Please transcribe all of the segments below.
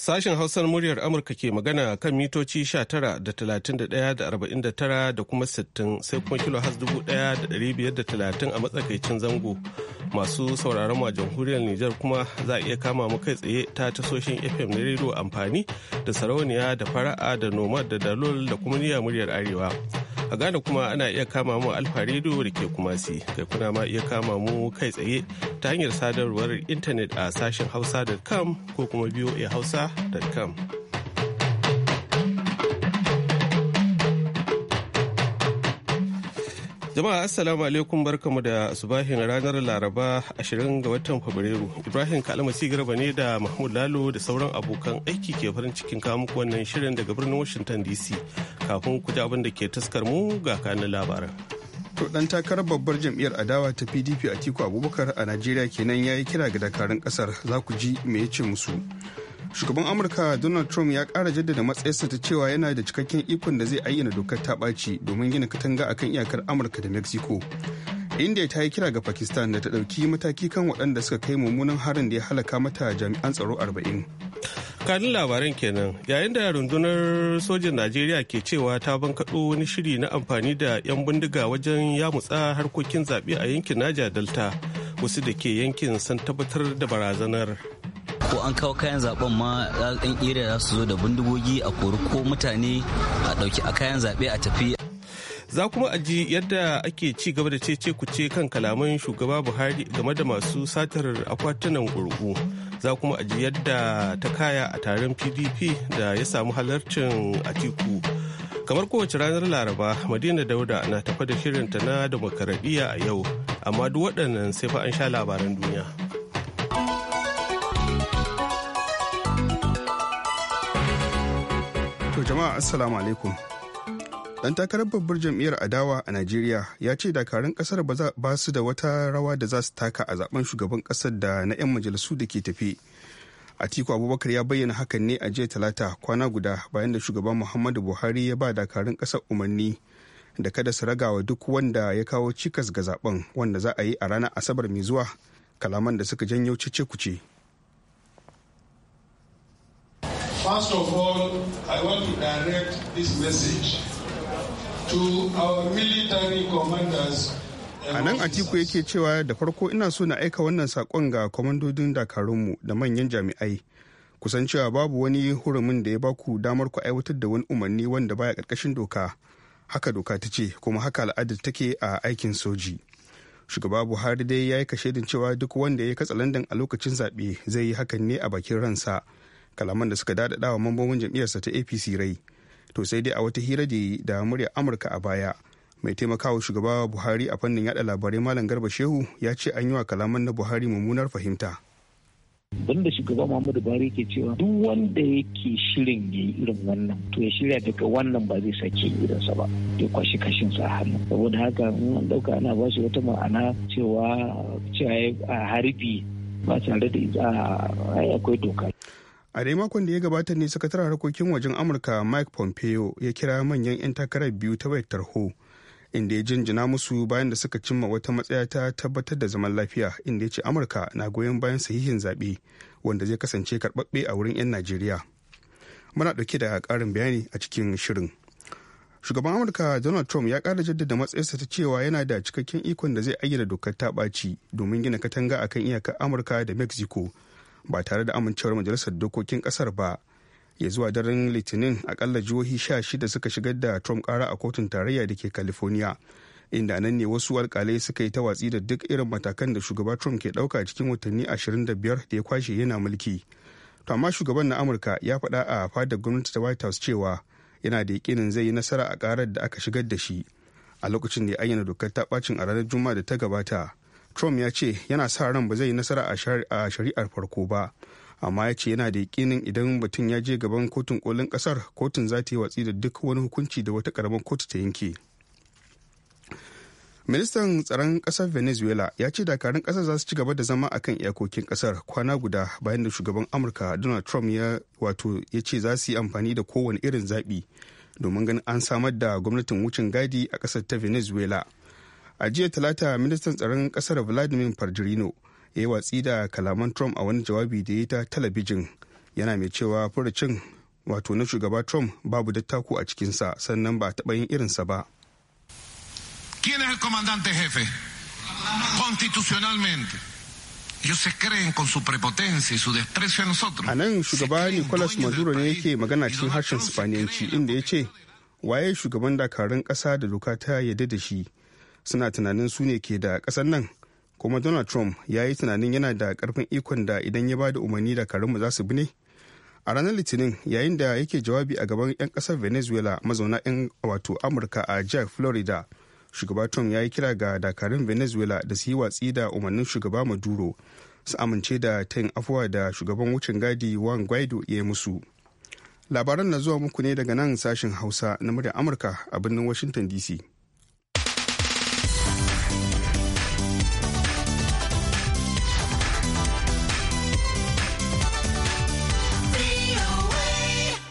Sashen Hausar muryar Amurka ke magana kan mitoci 19 da 31 da 49 da kuma 60 sai kuma kilo has 1530 a matsakaicin zango. Masu sauraron ma jamhuriyar Nijar kuma za a iya kama mu kai tsaye ta tasoshin FM na rediyo amfani da sarauniya da fara'a da nomad da dalol da kuma niyyar muryar Arewa. a Ghana kuma ana iya kama mu Alfa Radio da ke Kumasi kai kuna ma iya kama mu kai tsaye ta hanyar sadarwar intanet a sashen hausa.com ko kuma voahausa.com. hausa.com Jama'a Assalamu alaikum barkamu da subahin ranar Laraba 20 ga watan Fabrairu. Ibrahim Kalama Garba ne da Mahmud Lalo da sauran abokan aiki ke farin cikin muku wannan shirin daga birnin Washington DC. Kafin ku ji abin da ke taskar mu ga kanin labaran. To dan takarar babbar jam'iyyar adawa ta PDP a Tiku Abubakar a Najeriya kenan yayi kira ga dakarun kasar za ku ji me ya ce musu. shugaban amurka donald trump ya kara jaddada matsayarsa ta cewa yana da cikakken ikon da zai ayyana dokar ta ɓaci domin gina katanga akan iyakar amurka da mexico india ta yi kira ga pakistan da ta ɗauki mataki kan waɗanda suka kai mummunan harin da ya halaka mata jami'an tsaro 40 kanin labaran kenan yayin da rundunar sojin najeriya ke cewa ta bankaɗo wani shiri na amfani da 'yan bindiga wajen yamutsa harkokin zaɓe a yankin naja delta wasu da ke yankin sun tabbatar da barazanar ko an kawo kayan zaben ma yan iriya za su zo da bindigogi a kori ko mutane a ɗauki a kayan zaɓe a tafi za kuma a yadda ake ci gaba da cece ce kan kalaman shugaba buhari game da masu satar akwatunan gurgu za kuma a yadda ta kaya a taron pdp da ya samu halarcin atiku kamar kowace ranar laraba madina dauda na tafa da shirinta na demokaradiyya a yau amma duk waɗannan sai fa an sha labaran duniya To jama'a assalamu alaikum. Dan takarar babbar jam'iyyar adawa a Najeriya ya ce dakarun kasar ba su da wata rawa da za su taka a zaben shugaban kasar da na 'yan majalisu da ke tafi. Atiku Abubakar ya bayyana hakan ne a jiya talata kwana guda bayan da shugaban Muhammadu Buhari ya ba dakarun kasar umarni da kada su ragawa duk wanda ya kawo cikas ga zaben wanda za a yi a ranar Asabar mai zuwa kalaman da suka janyo cece kuce. First of all, I want to direct this message to our military commanders. A nan Atiku yake cewa da farko ina so na aika wannan sakon ga kwamandodin dakarunmu da manyan jami'ai. Kusan cewa babu wani hurumin da ya ba ku damar ku aiwatar da wani umarni wanda baya ƙarƙashin doka. Haka doka ta ce kuma haka al'adar take a aikin soji. Shugaba Buhari dai ya yi kashedin cewa duk wanda ya katsa landan a lokacin zaɓe zai yi hakan ne a bakin ransa. kalaman da suka dadada wa mambobin jam'iyyarsa ta apc rai to sai dai a wata hira da yi da muryar amurka a baya mai taimakawa shugaba buhari a fannin yada labarai malam garba shehu ya ce an yi wa kalaman na buhari mummunar fahimta banda shugaba muhammadu buhari ke cewa duk wanda yake shirin ya yi irin wannan to ya shirya daga wannan ba zai sake irinsa ba ya kwashi kashin sa hannu saboda haka an dauka ana ba shi wata ma'ana cewa cewa a harbi ba tare da akwai doka a dai makon da ya gabata ne sakataren harkokin wajen amurka mike pompeo ya kira manyan 'yan takarar biyu ta wayar tarho inda ya jinjina musu bayan da suka cimma wata matsaya ta tabbatar da zaman lafiya inda ya ce amurka na goyon bayan sahihin zaɓe wanda zai kasance karɓaɓɓe a wurin 'yan najeriya muna ɗauke da ƙarin bayani a cikin shirin shugaban amurka donald trump ya ƙara jaddada matsayarsa ta cewa yana da cikakken ikon da zai ayyana dokar ta ɓaci domin gina katanga akan iyakar amurka da mexico ba tare da amincewar majalisar dokokin kasar ba ya zuwa daren litinin akalla jihohi sha shida suka shigar da trump kara a kotun tarayya da ke california inda nan ne wasu alkalai suka yi ta watsi da duk irin matakan da shugaba trump ke dauka cikin watanni 25 da ya kwashe yana mulki to amma shugaban na amurka ya faɗa a fadar gwamnati ta white house cewa yana da yakinin zai yi nasara a karar da aka shigar da shi a lokacin da ya ayyana dokar ta bacin a ranar juma'a da ta gabata trump ya ce yana sa ran ba zai yi nasara a shari'ar farko ba amma ya ce yana da yakinin idan mutum ya je gaban kotun kolin kasar kotun za ta yi watsi da duk wani hukunci da wata karamar kotu ta yanke ministan tsaron kasar venezuela ya ce dakarun kasar za su ci gaba da zama akan iyakokin kasar kwana guda bayan da shugaban amurka donald trump ya wato ya ce za su yi amfani da kowane irin zaɓi domin ganin an samar da gwamnatin wucin gadi a kasar ta venezuela a jiya talata ministan tsaron kasar vladimir fardirino ya yi watsi da kalaman trump a wani jawabi da ya ta talabijin yana mai cewa furucin wato na shugaba trump babu dattako a cikinsa sannan ba a taɓa yin irinsa ba ¿Quién es el comandante jefe? Constitucionalmente. a nan shugaba Nicolas Maduro ne yake magana cikin harshen Spaniyanci inda ya ce, waye shugaban dakarun ƙasa da doka ta yadda da shi suna tunanin su ne ke da ƙasar nan kuma donald trump ya yi tunanin yana da karfin ikon da idan ya ba da umarni da karinmu za su bi ne a ranar litinin yayin da yake jawabi a gaban 'yan kasar venezuela mazauna 'yan wato amurka a jihar florida shugaba trump ya yi kira ga dakarun venezuela da su yi watsi da umarnin shugaba maduro su amince da tayin afuwa da shugaban wucin gadi juan guaido ya yi musu labaran na zuwa muku ne daga nan sashen hausa na muryar amurka a birnin washington dc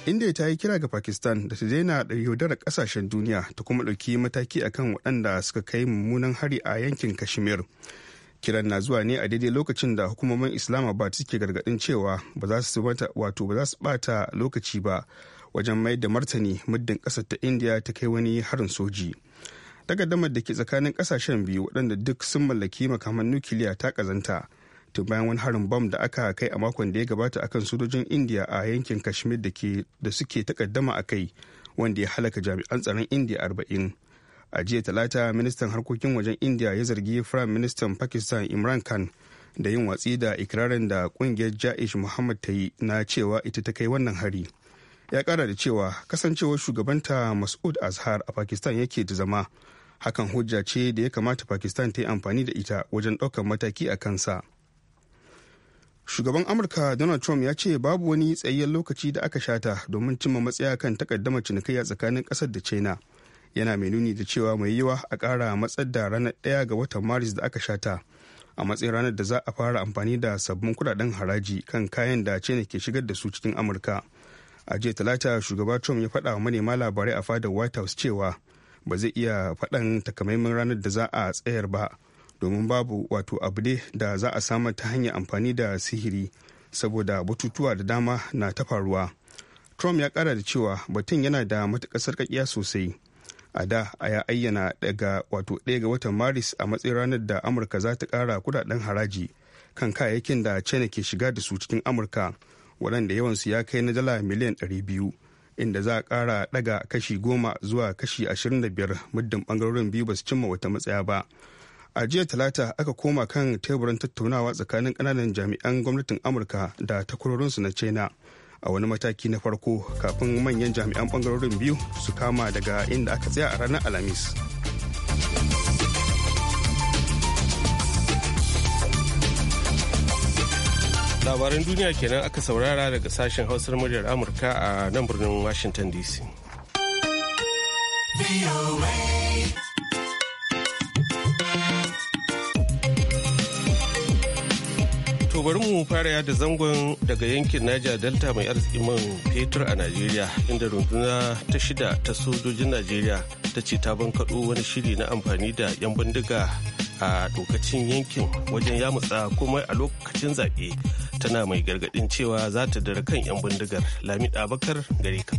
inda ta yi kira ga pakistan da ta daina yaudarar kasashen duniya ta kuma ɗauki mataki akan waɗanda suka kai mummunan hari a yankin kashmir kiran na zuwa ne a daidai lokacin da hukumomin islamabad suke gargaɗin cewa ba za su wato ba za su bata lokaci ba wajen mai da martani muddin ƙasar ta india ta kai wani harin soji takaddamar da ke tsakanin ƙasashen biyu waɗanda duk sun mallaki makaman nukiliya ta ƙazanta tun bayan wani harin bom da aka kai a makon da ya gabata akan sojojin indiya a yankin kashmir da suke takaddama a kai wanda ya halaka jami'an tsaron indiya arba'in a jiya talata ministan harkokin wajen indiya ya zargi firayim ministan pakistan imran khan da yin watsi da ikirarin da kungiyar ja'ish muhammad ta yi na cewa ita ta kai wannan hari ya kara da cewa kasancewar shugabanta mas'ud azhar a pakistan yake da zama hakan hujja ce da ya kamata pakistan ta yi amfani da ita wajen ɗaukar mataki a kansa. shugaban amurka donald trump ya ce babu wani tsayayyen lokaci da aka shata domin cimma matsaya kan takaddama cinikayya tsakanin kasar da china yana mai nuni da cewa mai yiwa a kara matsar da ranar ɗaya ga watan maris da aka shata a matsayin ranar da za a fara amfani da sabbin kudaden haraji kan kayan da china ke shigar da su cikin amurka a jiya talata shugaba trump ya faɗa wa manema labarai a fadar white house cewa ba zai iya faɗan takamaiman ranar da za a tsayar ba domin babu wato abu ne da za a samar ta hanyar amfani da sihiri saboda batutuwa da dama na ta faruwa trump ya kara da cewa batun yana da matuƙar sarƙaƙiya sosai a da a ya ayyana daga wato ɗaya ga watan maris a matsayin ranar da amurka za ta ƙara kudaden haraji kan kayayyakin da china ke shiga da su cikin amurka waɗanda su ya kai na dala miliyan biyu inda za a ƙara ɗaga kashi goma zuwa kashi 25 muddin ɓangarorin biyu ba su cimma wata matsaya ba a jiya talata aka koma kan teburin tattaunawa tsakanin kananan jami'an gwamnatin amurka da takwarorinsu na china a wani mataki na farko kafin manyan jami'an bangarorin biyu su kama daga inda aka tsaya a ranar alhamis labaran duniya kenan aka saurara daga sashen hausar muryar amurka a nan birnin washington dc To bari mu fara yada zangon daga yankin Niger Delta mai arzikin man fetur a Najeriya inda runduna ta shida ta sojojin Najeriya ta ce ta bankaɗo wani shiri na amfani da 'yan bindiga a lokacin yankin wajen ya yamutsa komai a lokacin zaɓe tana mai gargaɗin cewa za ta dara kan 'yan bindigar Lamida Bakar gare ka.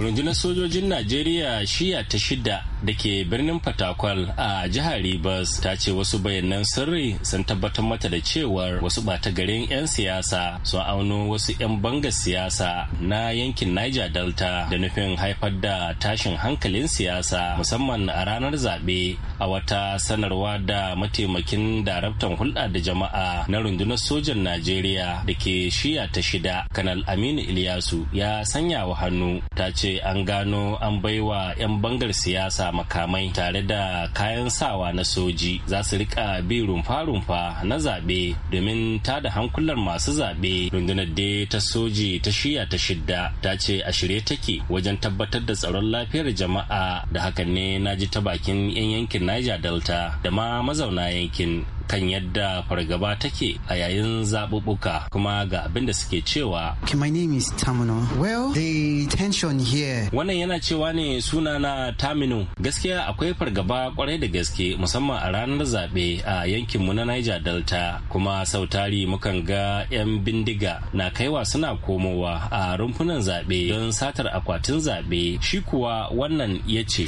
rundunar sojojin najeriya shiya ta shida da ke birnin fatakwal a jihar ribas ta ce wasu bayanan sirri sun tabbatar mata da cewar wasu bata garin 'yan siyasa sun auno wasu 'yan banga siyasa na yankin niger delta da nufin haifar da tashin hankalin siyasa musamman a ranar zaɓe a wata sanarwa da mataimakin daraktan hulɗa da jama'a na rundunar sojan najeriya da ke shiya ta shida kanal aminu iliyasu ya sanya wa hannu ta ce ce an gano an baiwa 'yan bangar siyasa makamai tare da kayan sawa na soji za su rika bi rumfa-rumfa na zaɓe domin ta da hankular masu zaɓe rundunar da ta soji ta shiya ta shidda ta ce a shirye take wajen tabbatar da tsaron lafiyar jama'a da hakan ne na ji ta bakin 'yan yankin niger delta da ma mazauna yankin kan yadda fargaba take a yayin zaɓuɓɓuka kuma ga abin da suke cewa. Okay, my name is Tamino. Well, the tension here. Wannan yana cewa ne suna na Tamino. Gaskiya akwai fargaba kwarai da gaske musamman a ranar zaɓe a yankinmu na Niger Delta kuma sautari mukan ga 'yan bindiga na kaiwa suna komowa a rumfunan zaɓe don satar akwatin zaɓe shi kuwa wannan ya ce.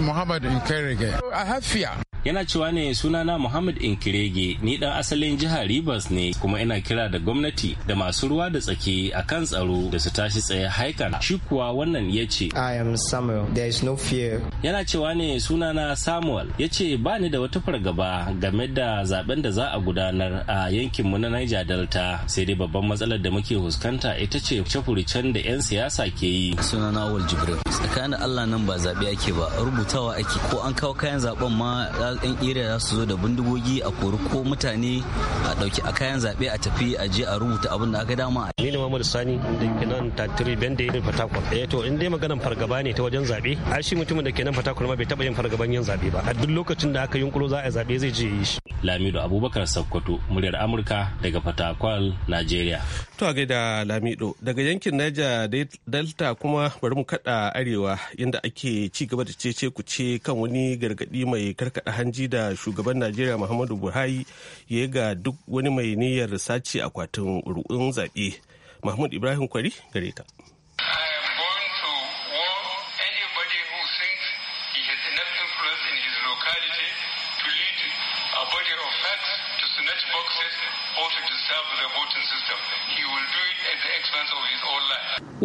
Muhammad Inkerege. I have fear. yana cewa ne sunana muhammad inkirege ni dan asalin jihar rivers ne kuma ina kira da gwamnati da masu ruwa da tsaki a kan tsaro da su tashi tsaye haikan shi kuwa wannan ya ce i am samuel there is no fear yana cewa ne sunana samuel ya ce ba ni da wata fargaba game da zaben da za a gudanar a yankinmu na niger delta sai dai babban matsalar da muke fuskanta ita ce cafuricen da 'yan siyasa ke yi sunana awal jibril tsakanin allah nan ba zaɓe ake ba rubutawa ake ko an kawo kayan zaben ma 'yan iriya za su zo da bindigogi a kori ko mutane a ɗauki a kayan zaɓe a tafi a je a rubuta abin da aka dama. Ni ne mamadu Sani da ke nan Tatiri Bende irin Fatakwal. Eh to in dai maganar fargaba ne ta wajen zaɓe, ai shi mutumin da ke nan Fatakwal ma bai taɓa yin fargaban yin zaɓe ba. A duk lokacin da aka yunƙuro za a zaɓe zai je yi shi. Lamido Abubakar Sakkwato, muryar Amurka daga Fatakwal, nigeria. To a gaida Lamido daga yankin da Delta kuma bari mu kaɗa arewa inda ake ci gaba da cece ku ce kan wani gargadi mai karkaɗa hanji da shugaban najeriya muhammadu buhari ya ga duk wani mai niyyar sace akwatin ru'un zaɓe mahmud ibrahim kwari gare ka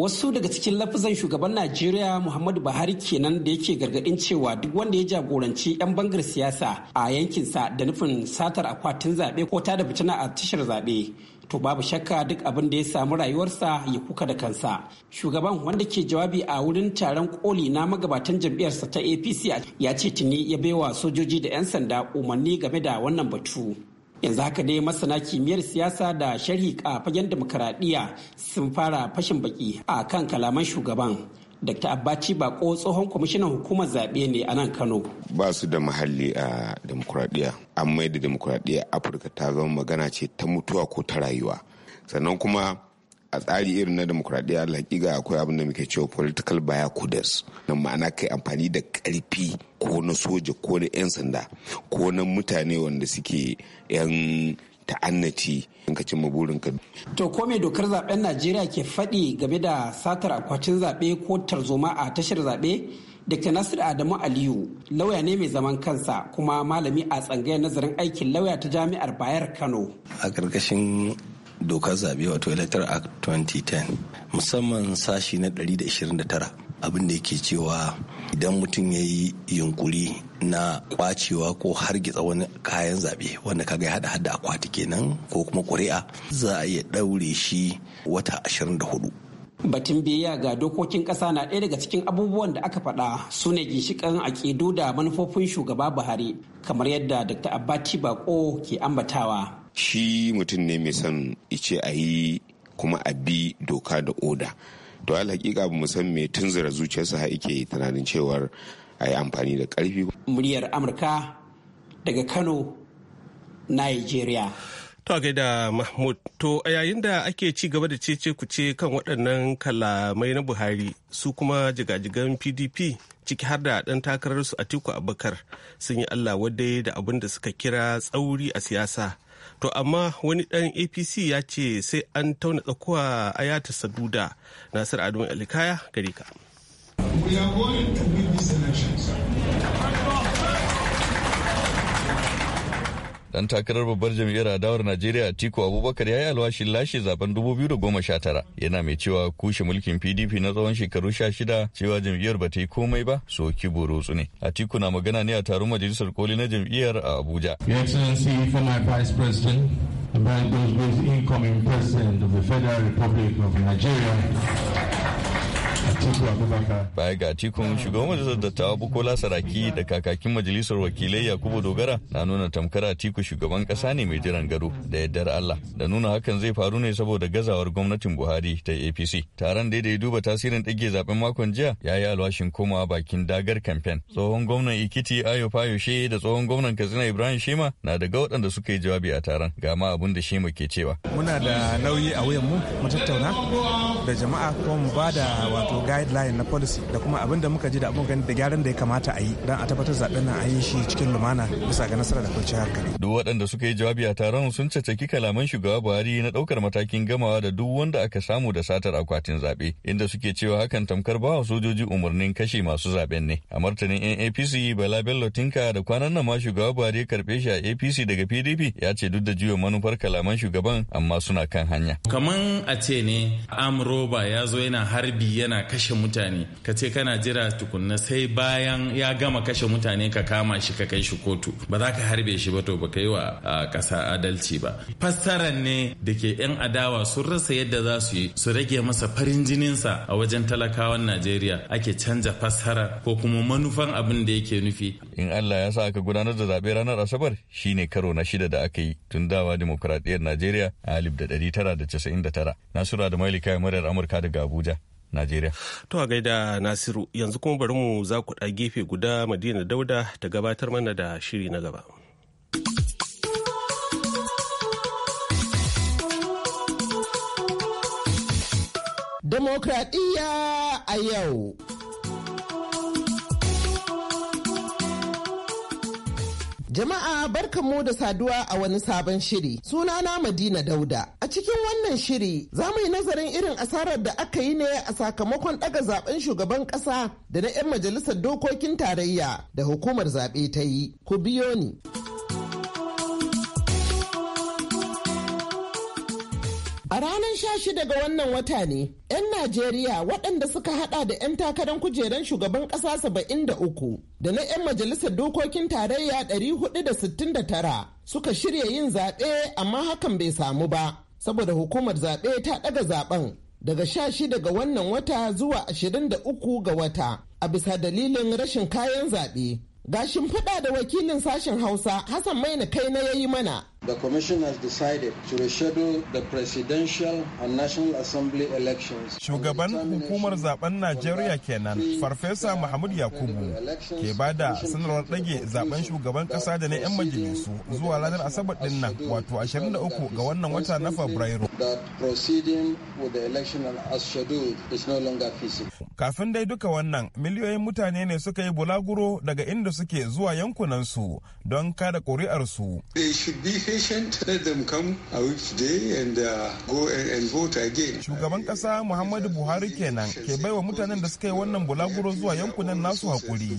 wasu daga cikin lafazan shugaban najeriya muhammadu buhari kenan da yake gargadin cewa duk wanda ya jagoranci 'yan bangar siyasa a yankinsa da nufin satar akwatin zaɓe ko ta da fitina a tashar zaɓe to babu shakka duk abin da ya samu rayuwarsa ya kuka da kansa shugaban wanda ke jawabi a wurin taron koli na magabatan jam'iyyarsa ta apc ya ce tuni ya baiwa sojoji da 'yan sanda umarni game da wannan batu yanzu haka dai masana kimiyyar siyasa da sharhi a fagen demokaradiyya sun fara fashin baki a kan kalaman shugaban dr abbaci bako tsohon kwamishinan hukumar zaɓe ne a nan kano ba su da mahalli a demokuraɗiyya an mai da demokuraɗiyya afirka ta zama magana ce ta mutuwa ko ta rayuwa sannan kuma a tsari irin na demokuraɗiyya hakika akwai abin da muke cewa political Kudas. na ma'ana kai amfani da karfi ko na soja ko na 'yan sanda ko na mutane wanda suke 'yan ta'annati in ka cimma burinka. To ko mai dokar zaben Najeriya ke faɗi game da satar akwatin zaɓe ko tarzoma a tashar zaɓe? Dr. Nasir Adamu Aliyu lauya ne mai zaman kansa kuma malami a tsangayar nazarin aikin lauya ta jami'ar Bayar Kano. A ƙarƙashin dokar zaɓe wato electoral act 2010 musamman sashi na 129 abin da yake cewa idan mutum ya yi yunkuri na kwacewa ko hargitsa wani kayan zaɓe wanda kaga ya hada hada akwati kenan ko kuma kuri'a za a iya ɗaure shi wata 24 Batun biyayya ga dokokin ƙasa na ɗaya daga cikin abubuwan da aka faɗa su ne ginshiƙan aƙidu da manufofin shugaba Buhari kamar yadda Dr. Abbati Bako ke ambatawa. shi mutum ne mai son ice a yi kuma a bi doka da oda to al hakika ba mu san me zira zuciyarsa ha ike tunanin cewar a yi amfani da karfi muryar amurka daga kano nigeria To gaida Mahmud, to a yayin da ake ci gaba da cece kuce kan waɗannan kalamai na Buhari su kuma jigajigan PDP ciki har da ɗan takararsu a Atiku Abubakar sun yi Allah wadai da abin da suka kira tsauri a siyasa to amma wani dan apc ya ce sai an tauna tsakuwa a yata saduda nasir adamu alikaya gari ka We are going dan takarar babbar jam'iyyar adawar najeriya atiku abubakar ya yi alwashin lashe zaben 2019 yana mai cewa kushe mulkin pdp na tsawon shekaru 16 cewa jam'iyyar ba ta yi komai ba soki burutsu ne atiku na magana ne a taron majalisar koli na jam'iyyar a abuja your excellency incoming president of the republic of nigeria Baya ga tikun shugaban majalisar dattawa Bukola Saraki da kakakin majalisar wakilai Yakubu Dogara na nuna tamkar tiku shugaban kasa ne mai jiran gado da yadda Allah da nuna hakan zai faru ne saboda gazawar gwamnatin Buhari ta APC. Taron da ya duba tasirin ɗage zaben makon jiya ya yi alwashin komawa bakin dagar kamfen. Tsohon gwamnan Ikiti Ayo Fayoshe da tsohon gwamnan Katsina Ibrahim Shema na daga waɗanda suka yi jawabi a taron ga ma abin da Shema ke cewa. Muna da nauyi a mu mu tattauna da jama'a kuma mu ba wato guideline na policy da kuma abin da muka ji da abin da gyaran da ya kamata a yi don a tabbatar zaben nan a yi shi cikin lumana bisa ga nasara da kwanciyar hankali. Duk waɗanda suka yi jawabi a taron sun cacaki kalaman shugaba Buhari na ɗaukar matakin gamawa da duk wanda aka samu da satar akwatin zaɓe inda suke cewa hakan tamkar bawa sojoji umarnin kashe masu zaben ne. A martanin NAPC Bala Bello Tinka da kwanan nan ma shugaba Buhari ya karɓe shi a APC daga PDP ya ce duk da juya manufar kalaman shugaban amma suna kan hanya. Kaman a ce ne Amroba ya zo yana harbi yana kashe kashe mutane ka ce kana jira tukunna sai bayan ya gama kashe mutane ka kama shi ka kai shi kotu ba za ka harbe shi ba to ba yi wa ƙasa adalci ba fassarar ne da ke 'yan adawa sun rasa yadda za su yi su rage masa farin jininsa a wajen talakawan najeriya ake canza fassara ko kuma manufan abin da yake nufi in allah ya sa aka gudanar da zaɓe ranar asabar shine karo na shida da aka yi tun dawa dimokuraɗiyyar najeriya a alif da tara da casa'in da tara nasura da mailika murar amurka daga abuja Najeriya. To a gaida Nasiru yanzu kuma bari mu za ku ɗa gefe guda Madina Dauda ta gabatar mana da shiri na gaba. Demokradiyya a yau. Jama'a barkanmu da saduwa a wani sabon shiri. Sunana Madina Dauda. cikin wannan shiri za mu yi nazarin irin asarar da aka yi ne a sakamakon ɗaga zaben shugaban ƙasa da na 'yan majalisar dokokin tarayya da hukumar zaɓe ta yi. Ku biyo ni. A ranar 16 ga wannan wata ne, 'yan Najeriya waɗanda suka hada da 'yan takarar kujeran shugaban ƙasa 73 da na 'yan majalisar dokokin tarayya 469 suka shirya yin zaɓe amma hakan bai samu ba. saboda hukumar zaɓe ta ɗaga zaɓen daga sha shida ga wannan wata zuwa ashirin da uku ga wata a bisa dalilin rashin kayan zaɓe. Gashin faɗa da wakilin sashen Hausa Hassan Maina kai na yayi mana the commission has decided to reschedule the presidential and national assembly elections. Shugaban hukumar zaben Najeriya kenan, Farfesa muhammadu Yakubu ke ba da sanarwar ɗage zaben shugaban ƙasa da na 'yan majalisu zuwa ranar Asabar ɗin nan wato 23 ga wannan wata na Fabrairu. Kafin dai duka wannan, miliyoyin mutane ne suka yi bulaguro daga inda suke zuwa yankunansu don kada ƙuri'arsu. They patient, let them come a week today and uh, go and, vote again. Shugaban kasa Muhammadu Buhari kenan ke baiwa mutanen da suka yi wannan bulaguro zuwa yankunan nasu hakuri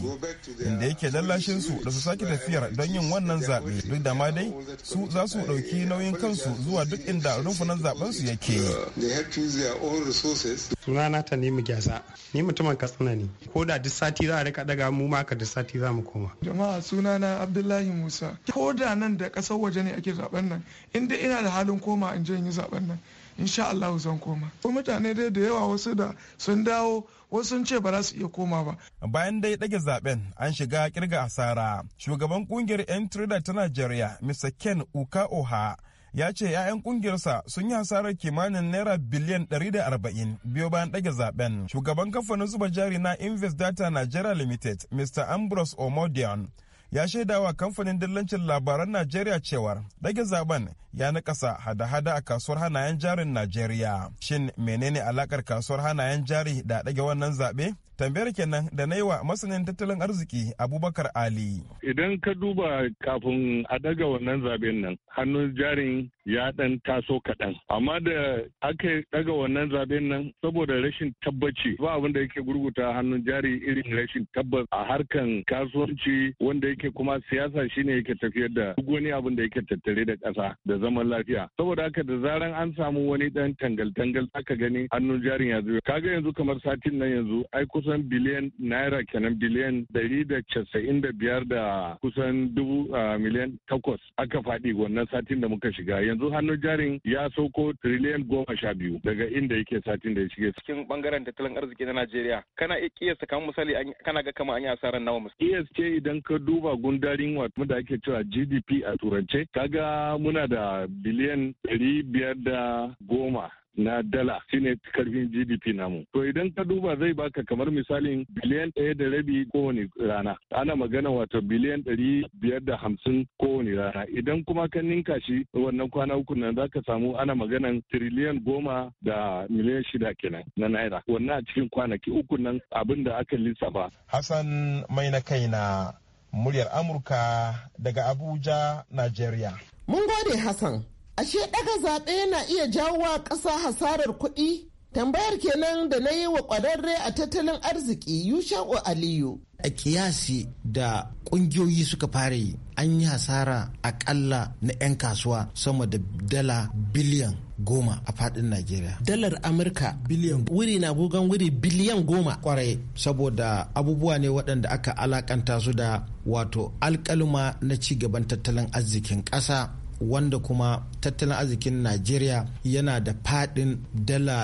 inda yake lallashin su da su sake tafiyar don yin wannan zaɓe duk da ma dai su za su ɗauki nauyin kansu zuwa duk inda rumfunan zaben su yake. Uh, they have to use their own resources sunana ta nemi gyasa ni mutumin katsina ne ko da duk sati za a rika daga mu ma ka duk sati za mu koma jama'a sunana abdullahi musa ko da nan da kasar waje ne ake zaben nan inda ina da halin koma in je in yi zaben nan insha Allah zan koma ko mutane dai da yawa wasu da sun dawo wasu sun ce ba za su iya koma ba bayan dai dage zaben an shiga kirga asara shugaban kungiyar yan trinidad ta Najeriya Mr Ken Uka Oha ya ce 'ya'yan kungiyarsa sun yi hasarar kimanin naira biliyan 140 biyo bayan ɗage zaben. Shugaban kamfanin zuba jari na Invest Data Nigeria Limited, Mr. Ambrose Omodion, ya shaidawa kamfanin dillancin labaran Najeriya cewar dage zaben ya nakasa hada-hada a kasuwar hanayen jarin Najeriya. Shin menene alakar kasuwar hanayen jari da dage wannan zaɓe? Tambayar kenan da na yi wa masanin tattalin arziki Abubakar Ali. Idan ka duba kafin a daga wannan zaben nan, hannun jarin ya dan taso kaɗan amma da aka daga wannan zaben nan saboda rashin tabbaci ba abin da yake gurguta hannun jari irin rashin tabbas a harkan kasuwanci wanda yake kuma siyasa shine yake tafiyar da duk wani abin da yake tattare da ƙasa da zaman lafiya saboda haka da zaran an samu wani dan tangal-tangal aka gani hannun jarin ya zuwa kaga yanzu kamar satin nan yanzu ai kusan biliyan naira kenan biliyan ɗari da casa'in da biyar da kusan dubu ah, miliyan takwas aka faɗi wannan satin da muka shiga yanzu hannun jarin ya sauko triliyan goma sha biyu daga inda yake satin da ya shige cikin bangaren tattalin arziki na najeriya kana kiyasta kamar misali kana ga kamar an yi asarar nawa misali esk idan ka duba gundarin wato da ake cewa gdp a turance kaga muna da biliyan ɗari biyar da goma na dala shine karfin GDP namu. To idan ka duba zai baka kamar misalin biliyan ɗaya da rabi kowane rana. Ana magana wato biliyan ɗari biyar da hamsin kowane rana. Idan kuma ka ninka shi wannan kwana uku nan za ka samu ana maganan tiriliyan goma da miliyan shida kenan na naira. Wannan a cikin kwanaki uku nan abin da aka lissafa. Hassan mai na kai na muryar Amurka daga Abuja, Najeriya. Mun gode Hassan. Ashe ɗaga zaɓe na iya jawo wa ƙasa hasarar kuɗi? Tambayar kenan da na yi wa ƙwararre a tattalin arziki Yusha'u Aliyu. A kiyasi da ƙungiyoyi suka fara yi, an yi hasara aƙalla na 'yan kasuwa sama da dala biliyan goma a faɗin Najeriya. Dalar Amurka biliyan wuri na gugan wuri biliyan goma kwarai saboda abubuwa ne waɗanda aka alakanta su da wato alkaluma na ci gaban tattalin arzikin ƙasa wanda kuma tattalin arzikin najeriya yana da fadin dala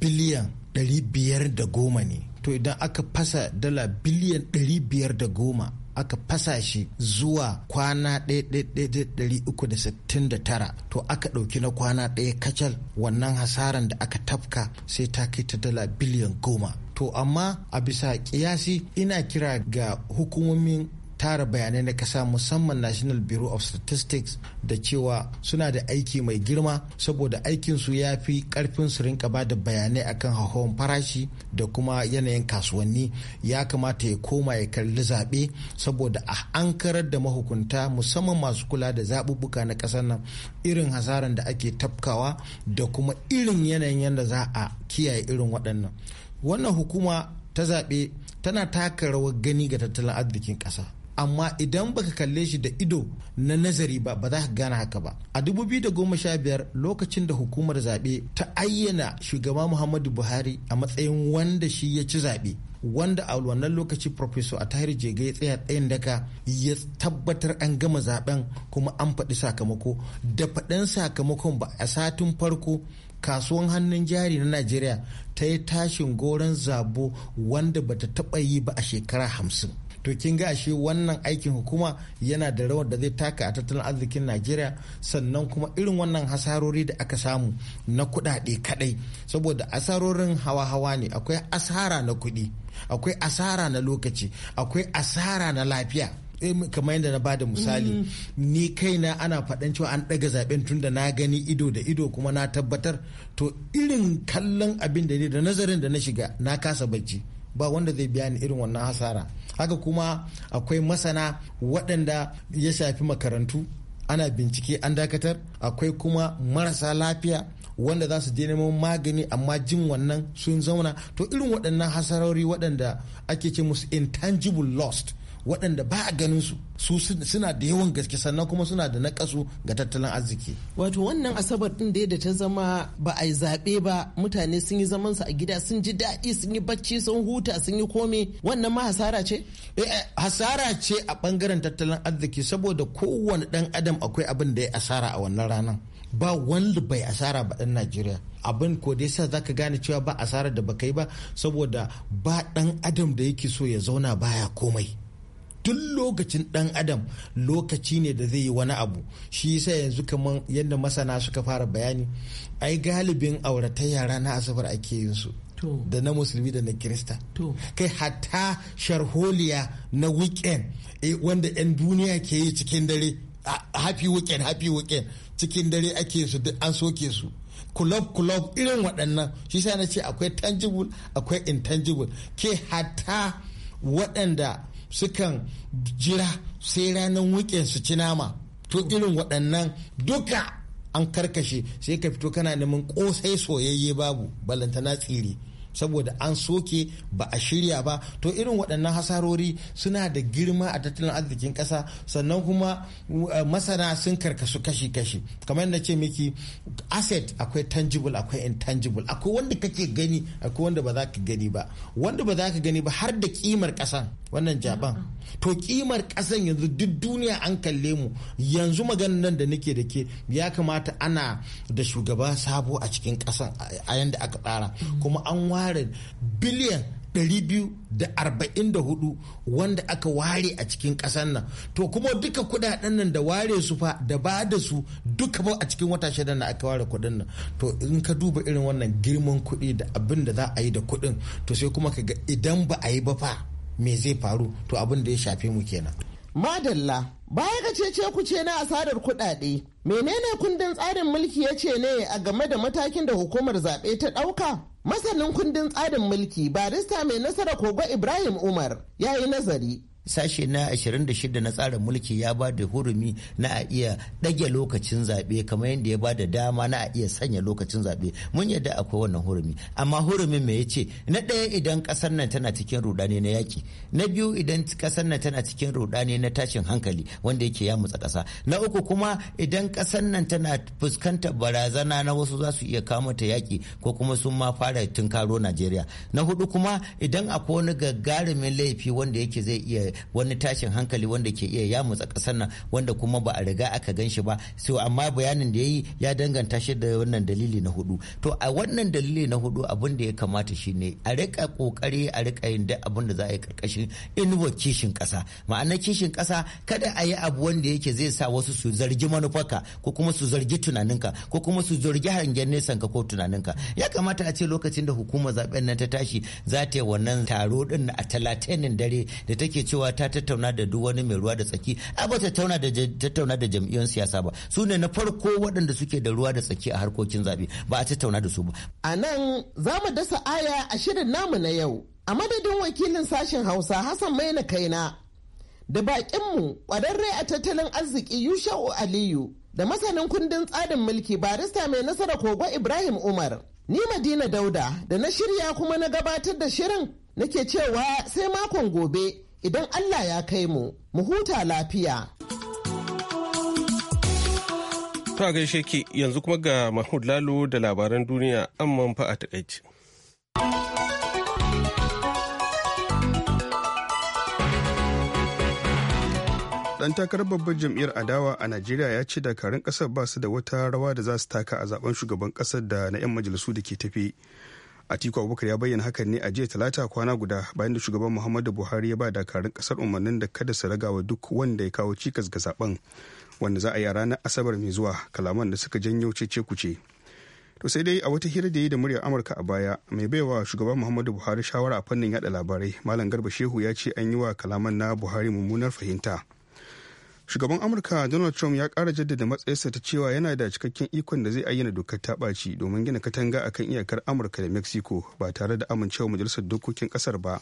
biliyan 510 ne to idan aka fasa dala biliyan 510 aka fasa shi zuwa kwana 1,369 to aka ɗauki na kwana ɗaya kacal wannan hasaran da aka tafka sai ta kai ta dala biliyan goma to amma a bisa kiyasi ina kira ga hukumomin tara bayanai na kasa musamman national bureau of statistics da cewa suna da aiki mai girma saboda aikinsu ya fi karfin su rinka ba da bayanai akan hauhawar farashi da kuma yanayin kasuwanni ya kamata ya koma ya kalli zaɓe saboda a ankarar da mahukunta musamman masu kula da zaɓuɓɓuka na ƙasar nan irin hasaran da ake tafkawa da kuma irin yanayin yadda za a kiyaye irin waɗannan wannan hukuma ta zaɓe tana taka rawar gani ga tattalin arzikin ƙasa amma idan baka kalle shi da ido na nazari ba ba za ka gane haka ba a 2015 lokacin da hukumar zaɓe ta ayyana shugaba muhammadu buhari a matsayin wanda shi ya ci zaɓe wanda a wannan lokaci professor a tahir jega ya tsaya tsayin daka ya tabbatar an gama zaben kuma an faɗi sakamako da faɗin sakamakon ba a satin farko kasuwan hannun jari na najeriya ta yi tashin goron zabo wanda ba ta taɓa yi ba a shekara hamsin to kin ga ashe wannan aikin hukuma yana da rawar da zai taka a tattalin arzikin najeriya sannan kuma irin wannan hasarori da aka samu na kudade kadai saboda asarorin hawa-hawa ne akwai asara na kuɗi akwai asara na lokaci akwai asara na lafiya eh, kamar yadda na bada misali mm. ni kaina ana faɗan cewa an ɗaga zaben tunda na gani ido da ido kuma na tabbatar to irin kallon abin da ne da nazarin da na shiga na kasa bacci ba wanda zai biya ni irin wannan hasara haka kuma akwai masana waɗanda ya shafi makarantu ana bincike an dakatar akwai kuma marasa lafiya wanda za su je neman magani amma jin wannan sun zauna to irin waɗannan hasarori waɗanda ake ce musu intangible lost waɗanda ba a ganin su su suna da yawan gaske sannan kuma suna da nakasu ga tattalin arziki wato wannan asabar din da ya ta zama ba a yi zaɓe ba mutane sun yi zaman su a gida sun ji daɗi sun yi bacci sun huta sun yi komai wannan ma hasara ce eh, eh hasara ce a bangaren tattalin arziki saboda kowane dan adam akwai abin da ya asara a wannan ranar ba wani bai asara ba dan najeriya abin ko da yasa zaka gane cewa ba asara da baka yi ba saboda ba dan adam da yake so ya zauna baya komai duk lokacin dan adam lokaci ne da zai yi wani abu shi sai yanzu kamar yadda masana suka fara bayani ai galibin aurata yara na asabar ake yin su da na musulmi da na kirista kai hatta sharholiya na weekend eh, wanda 'yan duniya ke yi cikin dare happy weekend happy weekend cikin dare ake su an soke su kulob kulob irin waɗannan shi sai na ce akwai tangible akwai intangible ke hatta waɗanda sukan jira sai ranar wikin su ci nama to irin waɗannan duka an karkashe sai ka fito kana neman ƙosai soyayye babu balantana tsiri saboda an soke ba a shirya ba to irin waɗannan hasarori suna da girma a tattalin arzikin ƙasa sannan kuma eh, masana sun karkasu kashi-kashi kamar na ce miki asset akwai tangible akwai intangible akwai wanda kake gani akwai wanda ba za ka gani ba wanda ba za ka gani ba har da kimar ƙasan wannan jaban to kimar ƙasan yanzu duk duniya an kalle mu yanzu maganan nan da nake da ke ya kamata ana da shugaba sabo a cikin ƙasan a yanda aka tsara mm. kuma an farin biliyan hudu wanda aka ware a cikin ƙasar nan to kuma duka kudaden nan da ware su fa da ba da su duka ba a cikin wata shida na aka ware kudin nan to in ka duba irin wannan girman kuɗi da abin da za a yi da kuɗin to sai kuma ka ga idan ba a yi ba fa me zai faru to abin da ya shafe mu kenan madalla baya ga cece kuce na asarar kuɗaɗe menene kundin tsarin mulki ya ce ne a game da matakin da hukumar zaɓe ta ɗauka masanin kundin tsarin mulki barista mai nasara kogo ibrahim umar ya yi nazari sashe na 26 na tsarin mulki ya ba da hurumi na a iya ɗage lokacin zaɓe kamar yadda ya ba da dama na a iya sanya lokacin zaɓe mun yadda akwai wannan hurumi amma hurumin me ce na ɗaya idan ƙasar nan tana cikin rudani na yaƙi na biyu idan ƙasar nan tana cikin rudani na tashin hankali wanda yake ya mutsa ƙasa na uku kuma idan ƙasar nan tana fuskantar barazana na wasu za su iya kawo mata yaƙi ko kuma sun ma fara tunkaro Najeriya na hudu kuma idan akwai wani gagarumin laifi wanda yake zai iya wani tashin hankali wanda ke iya yamutsa kasar nan wanda kuma ba a riga aka gan shi ba so amma bayanin da ya yi ya danganta shi da wannan dalili na hudu to a wannan dalili na hudu abin da ya kamata shine a rika kokari a rika yin duk abin da za a yi karkashin invocation kishin kasa ma'ana kishin kasa kada a yi abu wanda yake zai sa wasu su zargi manufarka ko kuma su zargi tunaninka ko kuma su zargi hangen nesan ka ko tunaninka ya kamata a ce lokacin da hukumar zaben nan ta tashi za ta yi wannan taro din a talatin dare da take cewa cewa ta tattauna da duk wani mai ruwa da tsaki a ba ta tattauna da jam'iyyar siyasa ba su ne na farko waɗanda suke da ruwa da tsaki a harkokin zaɓe ba a tattauna da su ba a nan za mu dasa aya a shirin namu na yau a madadin wakilin sashen hausa hassan maina kaina da baƙinmu ƙwararre a tattalin arziki yusha'u aliyu da masanin kundin tsarin mulki barista mai nasara kogo ibrahim umar ni madina dauda da na shirya kuma na gabatar da shirin nake cewa sai makon gobe idan Allah ya kai mu, mu huta lafiya. Ta gaishe ki yanzu kuma ga Mahmud Lalo da labaran duniya amman fa a takaici. Dan takarar babbar jam'iyyar adawa a Najeriya ya ce dakarun ƙasar ba su da wata rawa da za su taka a zaben shugaban ƙasar da na 'yan majalisu da ke tafi. Atiku Abubakar ya bayyana hakan ne a jiya talata kwana guda bayan da shugaban Muhammadu Buhari ya ba dakarun kasar umarnin da kada su ragawa duk wanda ya kawo cikas ga zaben wanda za a yi a ranar Asabar mai zuwa kalaman da suka janyo cece kuce. To sai dai a wata hira da yi da muryar Amurka a baya mai baiwa shugaban Muhammadu Buhari shawara a fannin yada labarai Malam Garba Shehu ya ce an yi wa kalaman na Buhari mummunar fahimta. shugaban amurka donald trump ya kara jaddada matsayarsa ta cewa yana da cikakken ikon da zai ayyana dokar ta ɓaci domin gina katanga a kan iyakar amurka da mexico ba tare da amincewa majalisar dokokin kasar ba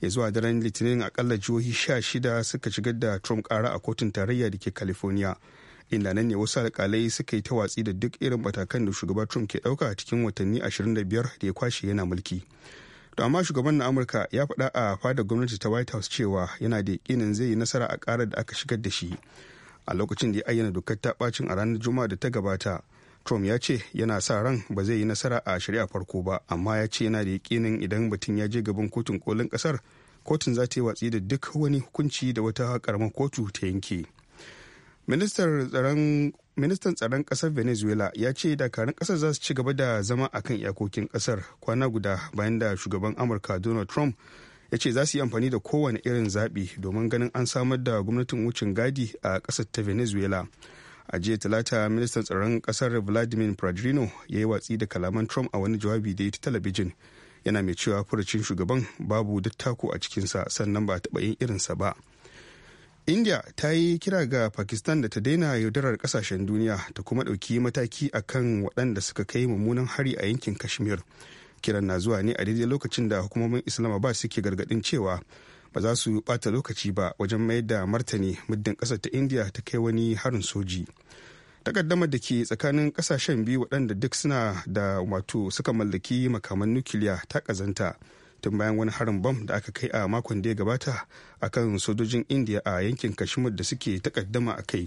ya zuwa daren litinin akalla jihohi sha shida suka shigar da trump kara a kotun tarayya da ke california inda nan ne wasu alkalai suka yi ta watsi da duk irin matakan da shugaba trump ke ɗauka a cikin watanni 25 da ya kwashe yana mulki to amma shugaban na amurka ya faɗa a fadar gwamnati ta white house cewa yana da yakinin zai yi nasara a ƙarar da aka shigar da shi a lokacin da ya ayyana dokar ta bacin a ranar juma'a da ta gabata trump ya ce yana sa ran ba zai yi nasara a shari'a farko ba amma ya ce yana da yakinin idan batun ya je gaban kotun kolin kasar kotun za ta yi watsi da duk wani hukunci da wata karamar kotu ta yanke ministan tsaron ministan tsaron kasar venezuela ya ce dakarun kasar za su ci gaba da zama a kan iyakokin kasar kwana guda bayan da shugaban amurka donald trump ya ce za su yi amfani da kowane irin zaɓi domin ganin an samar da gwamnatin wucin gadi a kasar ta venezuela a jiya talata ministan tsaron kasar vladimir pradrino ya yi watsi da kalaman trump a wani jawabi da ya ta talabijin yana mai cewa furucin shugaban babu dattako a cikinsa sannan ba taba yin irinsa ba. india ta yi kira ga pakistan da ta daina yaudarar kasashen duniya ta kuma dauki mataki akan waɗanda suka kai mummunan hari a yankin kashmir kiran na zuwa ne a daidai lokacin da hukumomin islamabad suke gargadin cewa ba za su bata lokaci ba wajen mayar da martani muddin ƙasar ta india ta kai wani harin soji takaddamar da ke tsakanin ƙasashen biyu waɗanda duk suna da wato suka mallaki makaman nukiliya ta ƙazanta tun bayan wani harin bom da aka kai a makon da ya gabata a kan sojojin indiya a yankin kashmir da suke takaddama a kai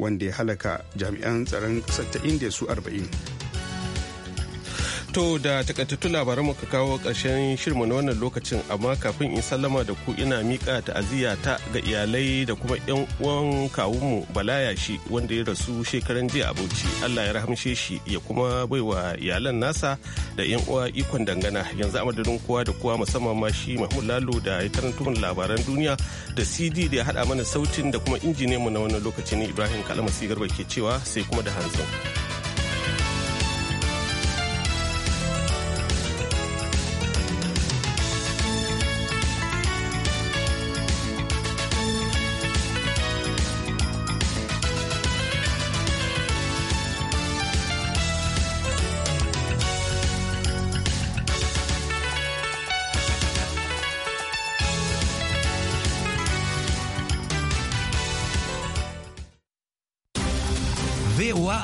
wanda ya halaka jami'an tsaron ƙasar ta indiya su arba'in. To da takaitattun labaran ka kawo ƙarshen shirin na wannan lokacin amma kafin in sallama da ku ina miƙa ta'aziyya ta ga iyalai da kuma 'yan uwan kawunmu Bala shi wanda ya rasu shekaran jiya a Bauchi. Allah ya rahamshe shi ya kuma baiwa iyalan nasa da 'yan uwa ikon dangana yanzu a madadin kowa da kowa musamman ma shi Mahmud Lalo da ya karanto mana labaran duniya da CD da ya haɗa mana sautin da kuma injiniyanmu na wannan lokacin Ibrahim Kalamasi Garba ke cewa sai kuma da hanzu.